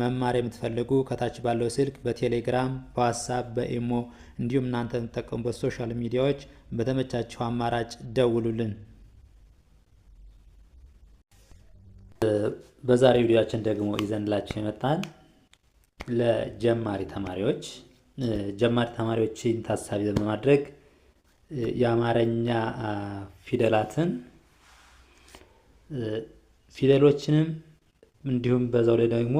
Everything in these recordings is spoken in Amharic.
መማር የምትፈልጉ ከታች ባለው ስልክ በቴሌግራም በዋትሳፕ በኢሞ እንዲሁም እናንተ የምትጠቀሙ ሶሻል ሚዲያዎች በተመቻቸው አማራጭ ደውሉልን። በዛሬ ቪዲዮችን ደግሞ ይዘንላችሁ ይመጣል ለጀማሪ ተማሪዎች ጀማሪ ተማሪዎችን ታሳቢ በማድረግ የአማርኛ ፊደላትን ፊደሎችንም እንዲሁም በዛው ላይ ደግሞ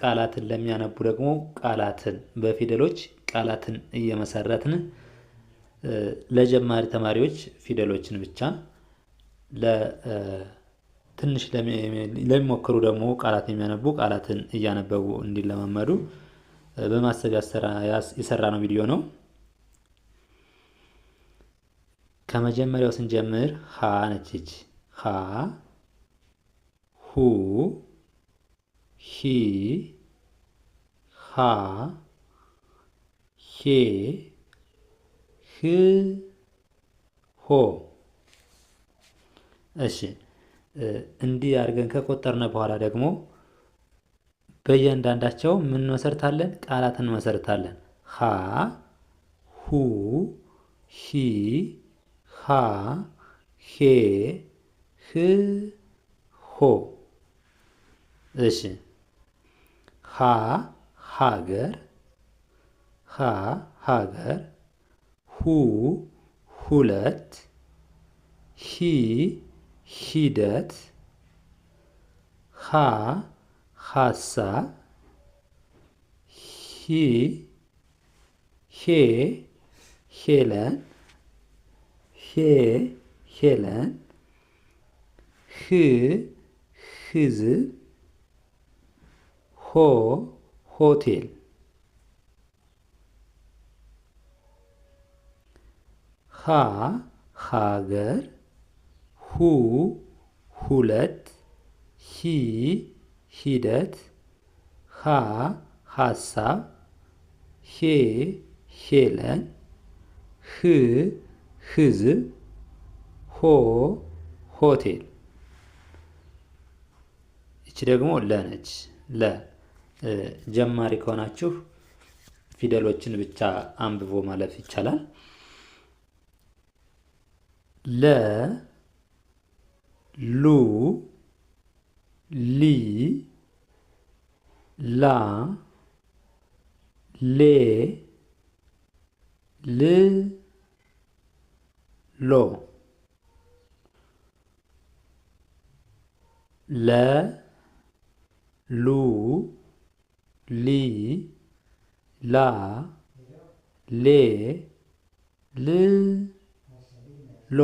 ቃላትን ለሚያነቡ ደግሞ ቃላትን በፊደሎች ቃላትን እየመሰረትን ለጀማሪ ተማሪዎች ፊደሎችን ብቻ ትንሽ ለሚሞክሩ ደግሞ ቃላት የሚያነቡ ቃላትን እያነበቡ እንዲለማመዱ በማሰብ የሰራ ነው ቪዲዮ ነው። ከመጀመሪያው ስንጀምር ሀ ነችች ሀ ሁ ሂ ሃ ሄ ህ ሆ። እሺ እንዲህ አድርገን ከቆጠርነ በኋላ ደግሞ በእያንዳንዳቸው ምን እንመሰርታለን? ቃላትን እንመሰርታለን። ሀ ሁ ሂ ሃ ሄ ህ ሆ። እሺ ሀ ሀገር ሀ ሀገር ሁ ሁለት ሂ ሂደት ሃ ሀሳብ ሂ ሄ ሄለን ሄ ሄለን ህ ህዝብ ሆ ሆቴል ሀ ሀገር ሁ ሁለት ሂ ሂደት ሃ ሀሳብ ሄ ሄለን ህ ህዝብ ሆ ሆቴል ይቺ ደግሞ ለ ለ ጀማሪ ከሆናችሁ ፊደሎችን ብቻ አንብቦ ማለፍ ይቻላል። ለ ሉ ሊ ላ ሌ ል ሎ ለ ሉ ሊ ላ ሌ ል ሎ።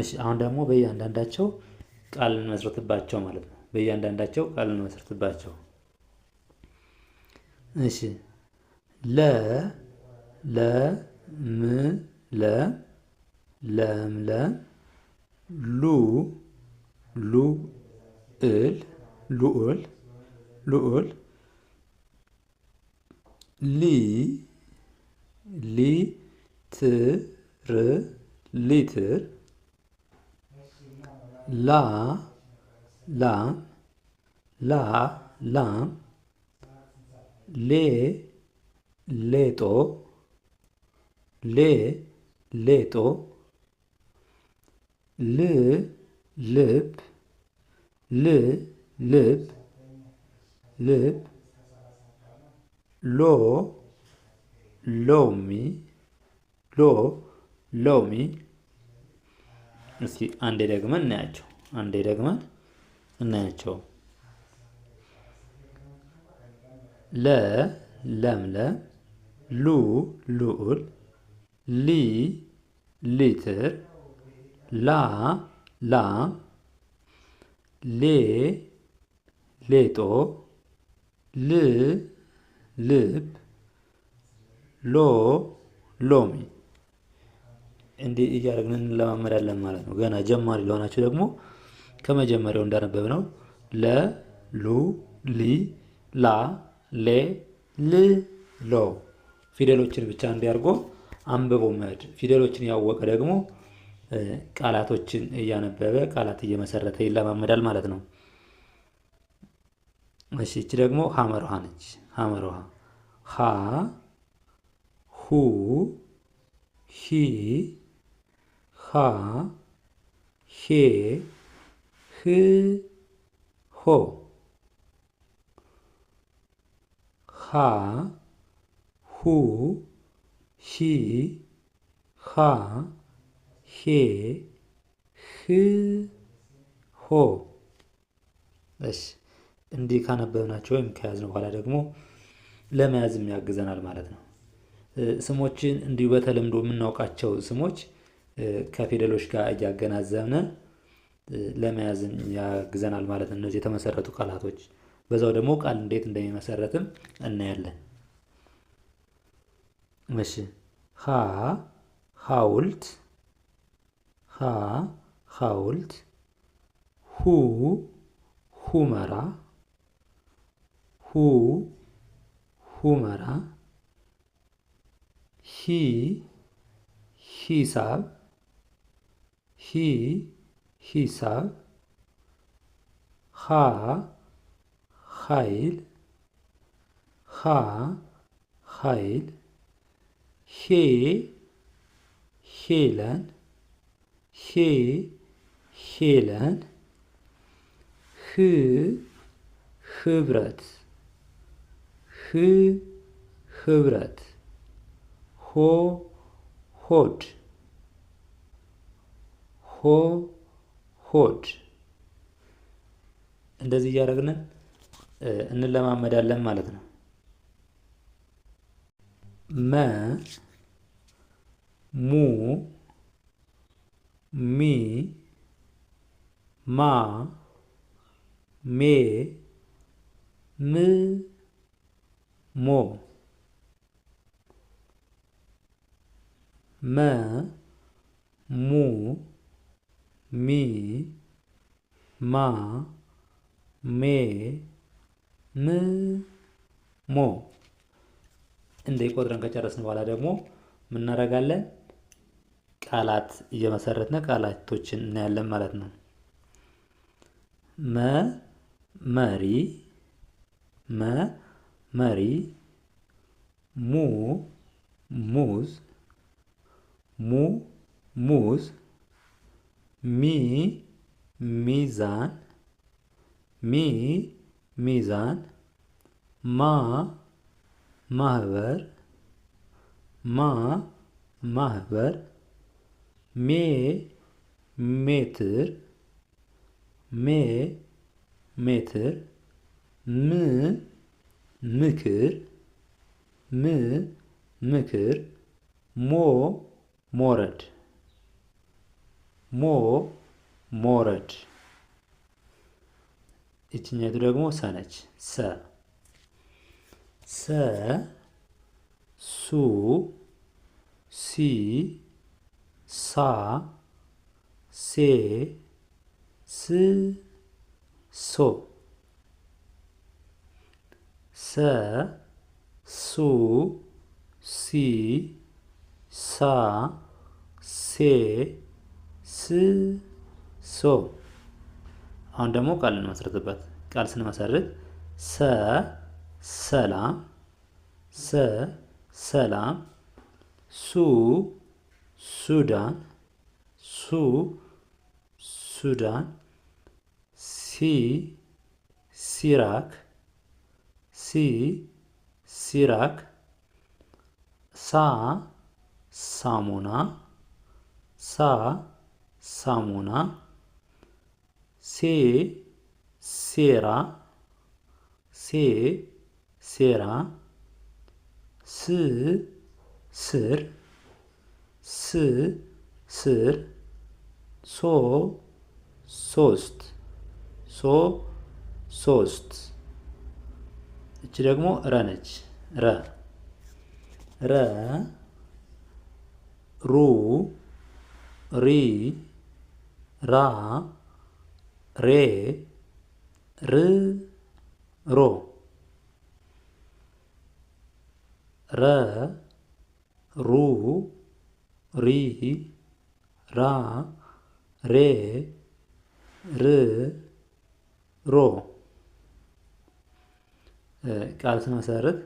እሺ አሁን ደግሞ በእያንዳንዳቸው ቃል እንመስርትባቸው ማለት ነው። በእያንዳንዳቸው ቃል እንመስርትባቸው። እሺ ለ ለ ም ለ ለም ለ ሉ ሉ ል ሉል ልዑል ሊ ሊትር ሊትር ላ ላም ላ ላም ሌ ሌጦ ሌ ሌጦ ል ልብ ል ልብ ልብ ሎ ሎሚ ሎ ሎሚ። እስኪ አንዴ ደግመን እናያቸው። አንዴ ደግመን እናያቸው። ለ ለምለም ሉ ሉል ሊ ሊትር ላ ላም ሌ ሌጦ ል ልብ ሎ ሎሚ እንዲህ እያደረግን እንለማመዳለን ማለት ነው። ገና ጀማሪ ለሆናችሁ ደግሞ ከመጀመሪያው እንዳነበብ ነው ለ ሉ ሊ ላ ሌ ል ሎ ፊደሎችን ብቻ እንዲያርጎ አንብቦ መሄድ። ፊደሎችን ያወቀ ደግሞ ቃላቶችን እያነበበ ቃላት እየመሰረተ ይለማመዳል ማለት ነው። እሺ እቺ ደግሞ ሐመርሃ ነች። ሐመርሃ ሀ ሁ ሂ ሃ ሄ ህ ሆ ሃ ሁ ሂ ሃ ሄ ህ ሆ እሺ እንዲህ ካነበብናቸው ወይም ከያዝነው በኋላ ደግሞ ለመያዝም ያግዘናል ማለት ነው። ስሞችን እንዲሁ በተለምዶ የምናውቃቸው ስሞች ከፊደሎች ጋር እያገናዘብነ ለመያዝም ያግዘናል ማለት ነው። እነዚህ የተመሰረቱ ቃላቶች በዛው ደግሞ ቃል እንዴት እንደሚመሰረትም እናያለን። እሺ ሀ ሀውልት፣ ሀ ሀውልት፣ ሁ ሁመራ who, whom are, he, he sab, he, he sab, ha, hail, ha, hail, he, helen, he, helen, hu, hu ህ ህብረት ሆ ሆድ ሆ ሆድ እንደዚህ እያደረግን እንለማመዳለን ማለት ነው። መ ሙ ሚ ማ ሜ ም ሞ መ ሙ ሚ ማ ሜ ም ሞ እንደ ቆጥረን ከጨረስን በኋላ ደግሞ ምናደርጋለን? ቃላት እየመሰረትነ ቃላቶችን እናያለን ማለት ነው። መ መሪ መ መሪ ሙ ሙዝ ሙ ሙዝ ሚ ሚዛን ሚ ሚዛን ማ ማህበር ማ ማህበር ሜ ሜትር ሜ ሜትር ም ምክር ም ምክር ሞ ሞረድ ሞ ሞረድ ይችኛቱ ደግሞ ሰ ሰ ሰ ሱ ሲ ሳ ሴ ስ ሶ ሰ ሱ ሲ ሳ ሴ ስ ሶ። አሁን ደግሞ ቃል እንመሰርትበት። ቃል ስንመሰርት ሰ ሰላም፣ ሰ ሰላም፣ ሱ ሱዳን፣ ሱ ሱዳን፣ ሲ ሲራክ ሲ ሲራክ፣ ሳ ሳሙና፣ ሳ ሳሙና፣ ሴ ሴራ፣ ሴ ሴራ፣ ስ ስር፣ ስ ስር፣ ሶ ሶስት፣ ሶ ሶስት ደግሞ ረ ነች። ረ ረ ሩ ሪ ራ ሬ ር ሮ ረ ሩ ሪ ራ ሬ ር ሮ ቃል ስመሰርት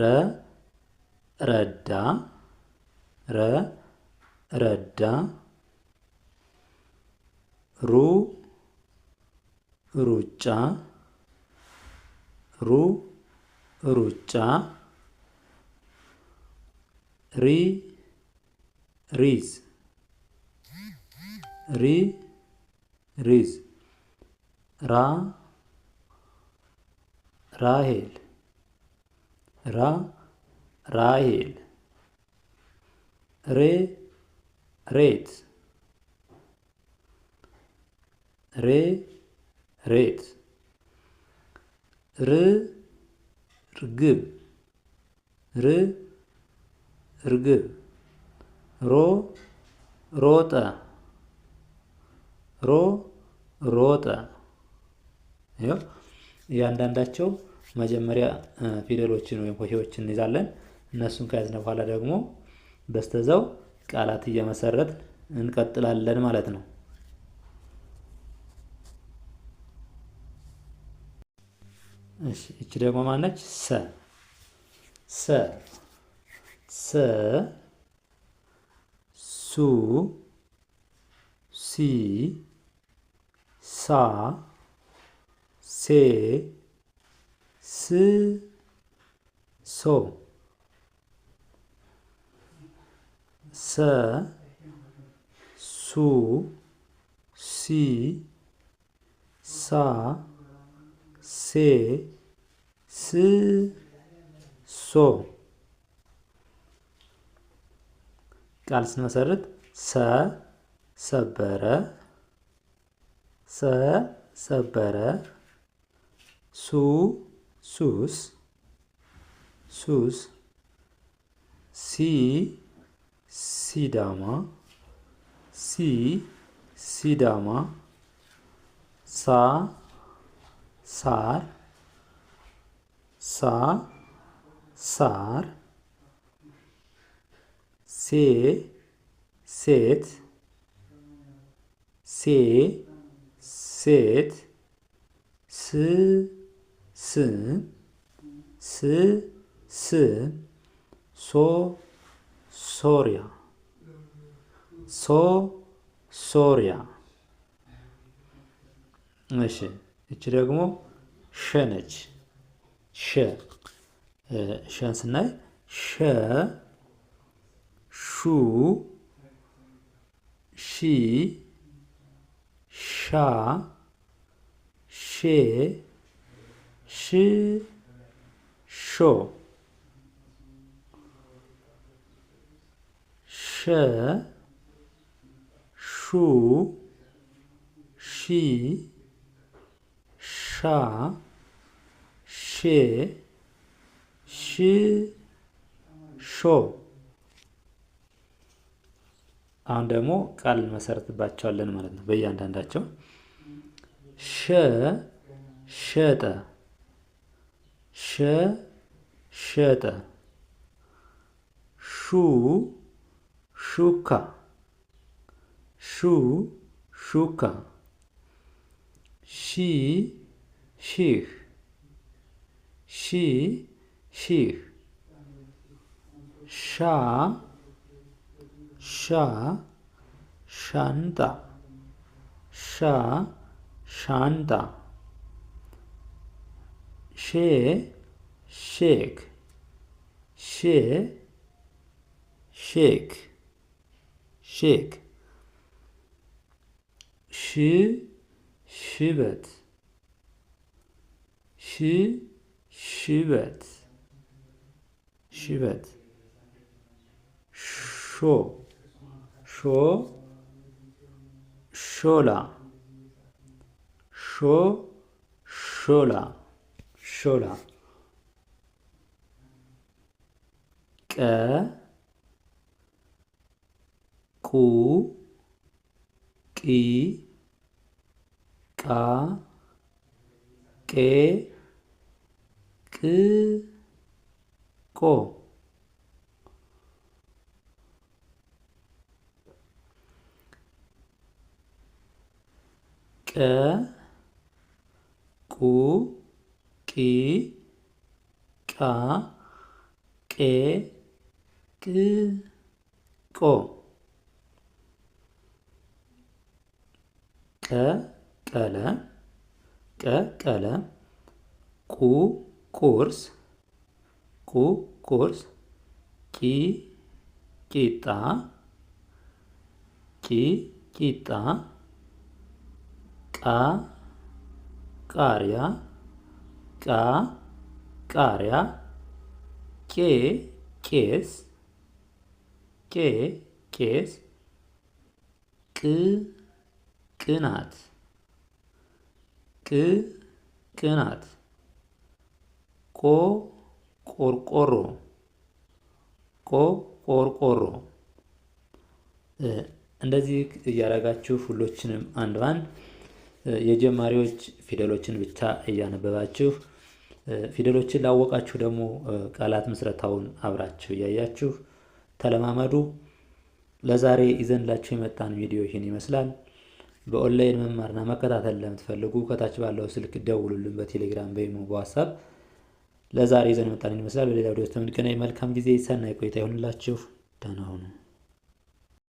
ረ ረዳ ረ ረዳ ሩ ሩጫ ሩ ሩጫ ሪ ሪዝ ሪ ሪዝ ራ ራሄል ራ ራሄል ሬ ሬት ሬ ሬት ር ርግብ ር ርግብ ሮ ሮጠ ሮ ሮጠ እያንዳንዳቸው መጀመሪያ ፊደሎችን ወይም ሆሄዎችን እንይዛለን። እነሱን ከያዝነ በኋላ ደግሞ በስተዛው ቃላት እየመሰረት እንቀጥላለን ማለት ነው። እሺ እቺ ደግሞ ማነች? ሰ ሰ ሰ ሱ ሲ ሳ ሴ ሶ ሰ ሱ ሲ ሳ ሴ ስ ሶ ቃል ስንመሰርት ሰ ሰበረ ሰ ሰበረ ሱ shoes shoes she sidama she sidama sa sar sa sar se set se set s ስ ስ ስ ሶ ሶሪያ ሶ ሶሪያ። እሺ እቺ ደግሞ ሸ ነች። ሸ ሸን ስናይ ሸ ሹ ሺ ሻ ሼ ሽ ሾ ሸ ሹ ሺ ሻ ሼ ሽ ሾ አሁን ደግሞ ቃል እንመሰርትባቸዋለን ማለት ነው በእያንዳንዳቸው ሸ ሸጠ ሸሸጠ ሹ ሹካ ሹ ሹካ ሺ ሺህ ሺ ሺህ ሻ ሻ ሻንጣ ሻ ሻንጣ সে শেখ সে শেখ শেখ সে শিবেত সে শিবেত শিবেত শো শো শোলা শো শোলা ሾላ ቀ ቁ ቂ ቃ ቄ ቅ ቆ ቀ ቁ ቂ ቃ ቄ ቅ ቆ ቀ ቀለ ቀ ቀለ ቁ ቁርስ ቁ ቁርስ ቂ ቂጣ ቂ ቂጣ ቃ ቃሪያ ቃ ቃሪያ ቄ ቄስ ቄ ቄስ ቅ ቅናት ቅ ቅናት ቆ ቆርቆሮ ቆ ቆርቆሮ እንደዚህ እያደረጋችሁ ሁሎችንም አንድ ባንድ የጀማሪዎች ፊደሎችን ብቻ እያነበባችሁ ፊደሎችን ላወቃችሁ ደግሞ ቃላት ምስረታውን አብራችሁ እያያችሁ ተለማመዱ። ለዛሬ ይዘንላችሁ የመጣን ቪዲዮ ይህን ይመስላል። በኦንላይን መማርና መከታተል ለምትፈልጉ ከታች ባለው ስልክ ደውሉልን። በቴሌግራም በኢሞ በዋትሳፕ ለዛሬ ይዘን የመጣን ይመስላል። በሌላ ቪዲዮ እስከምንገናኝ መልካም ጊዜ፣ ሰናይ ቆይታ ይሆንላችሁ። ደህና ሁኑ።